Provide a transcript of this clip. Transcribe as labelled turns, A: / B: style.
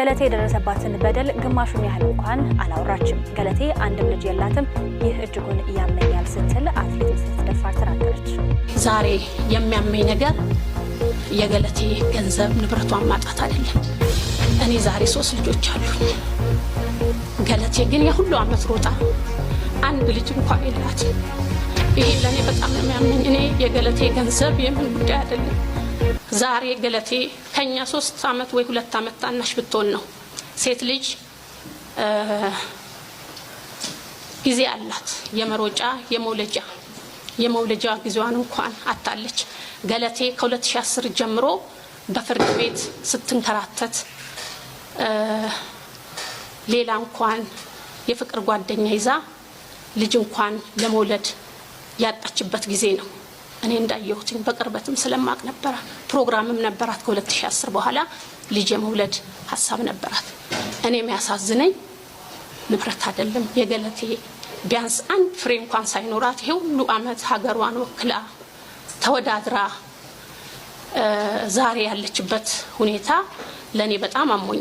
A: ገለቴ የደረሰባትን በደል ግማሹን ያህል እንኳን አላወራችም። ገለቴ አንድም ልጅ የላትም፣ ይህ እጅጉን እያመኛል ስትል አትሌት ሴት ደፋር ተናገረች።
B: ዛሬ የሚያመኝ ነገር የገለቴ ገንዘብ ንብረቷን ማጣት አይደለም። እኔ ዛሬ ሶስት ልጆች አሉኝ። ገለቴ ግን የሁሉ አመት ሮጣ አንድ ልጅ እንኳን የላትም። ይሄ ለእኔ በጣም የሚያመኝ። እኔ የገለቴ ገንዘብ የምን ጉዳይ አይደለም ዛሬ ገለቴ ከኛ ሶስት አመት ወይ ሁለት አመት ታናሽ ብትሆን ነው። ሴት ልጅ ጊዜ አላት የመሮጫ የመውለጃ የመውለጃ ጊዜዋን እንኳን አታለች። ገለቴ ከ2010 ጀምሮ በፍርድ ቤት ስትንከራተት ሌላ እንኳን የፍቅር ጓደኛ ይዛ ልጅ እንኳን ለመውለድ ያጣችበት ጊዜ ነው። እኔ እንዳየሁትኝ በቅርበትም ስለማቅ ነበረ። ፕሮግራምም ነበራት። ከ2010 በኋላ ልጅ የመውለድ ሀሳብ ነበራት። እኔ የሚያሳዝነኝ ንብረት አይደለም የገለቴ ቢያንስ አንድ ፍሬ እንኳን ሳይኖራት ይሄ ሁሉ አመት ሀገሯን ወክላ ተወዳድራ ዛሬ ያለችበት ሁኔታ ለእኔ በጣም አሞኛል።